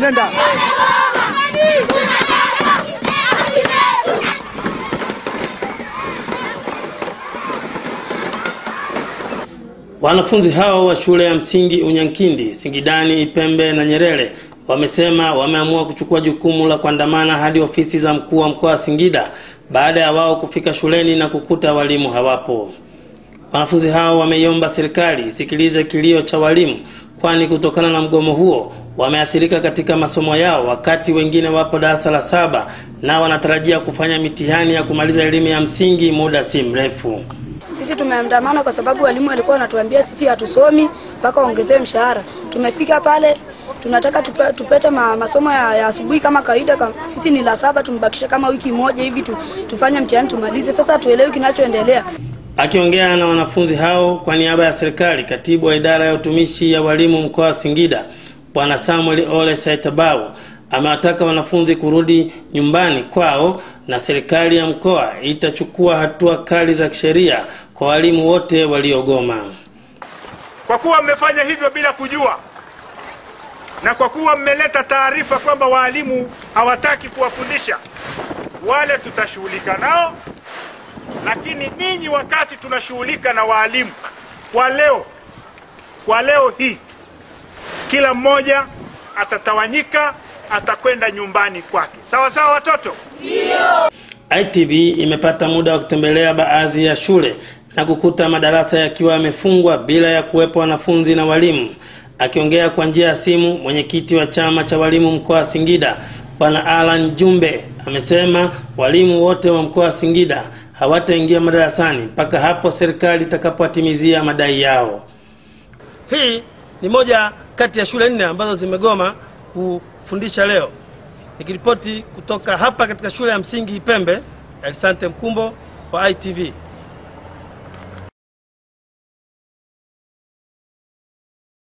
nenda. Wanafunzi hao wa shule ya msingi Unyankindi, Singidani, Ipembe na Nyerere wamesema wameamua kuchukua jukumu la kuandamana hadi ofisi za mkuu wa mkoa wa Singida baada ya wao kufika shuleni na kukuta walimu hawapo. Wanafunzi hao wameiomba serikali isikilize kilio cha walimu, kwani kutokana na mgomo huo wameathirika katika masomo yao, wakati wengine wapo darasa la saba na wanatarajia kufanya mitihani ya kumaliza elimu ya msingi muda si mrefu. Sisi tumeandamana kwa sababu walimu walikuwa wanatuambia sisi hatusomi mpaka waongezee mshahara. Tumefika pale tunataka tupe, tupete ma, masomo ya, ya asubuhi kama kawaida sisi ni la saba, tumebakisha kama wiki moja hivi tu, tufanye mtihani tumalize. Sasa tuelewe kinachoendelea. Akiongea na wanafunzi hao kwa niaba ya serikali, katibu wa idara ya utumishi ya walimu mkoa wa Singida Bwana Samuel Ole Saitabau amewataka wanafunzi kurudi nyumbani kwao na serikali ya mkoa itachukua hatua kali za kisheria kwa walimu wote waliogoma. Kwa kuwa mmefanya hivyo bila kujua na kwa kuwa mmeleta taarifa kwamba waalimu hawataki kuwafundisha, wale tutashughulika nao, lakini ninyi, wakati tunashughulika na waalimu kwa leo, kwa leo hii kila mmoja atatawanyika, atakwenda nyumbani kwake. Sawa sawa, watoto? ITV imepata muda wa kutembelea baadhi ya shule na kukuta madarasa yakiwa yamefungwa bila ya kuwepo wanafunzi na walimu. Akiongea kwa njia ya simu, mwenyekiti wa chama cha walimu mkoa wa Singida Bwana Alan Jumbe amesema walimu wote wa mkoa wa Singida hawataingia madarasani mpaka hapo serikali itakapowatimizia madai yao. Hii ni moja kati ya shule nne ambazo zimegoma kufundisha leo. Nikiripoti kutoka hapa katika shule ya msingi Ipembe, Elisante Mkumbo wa ITV.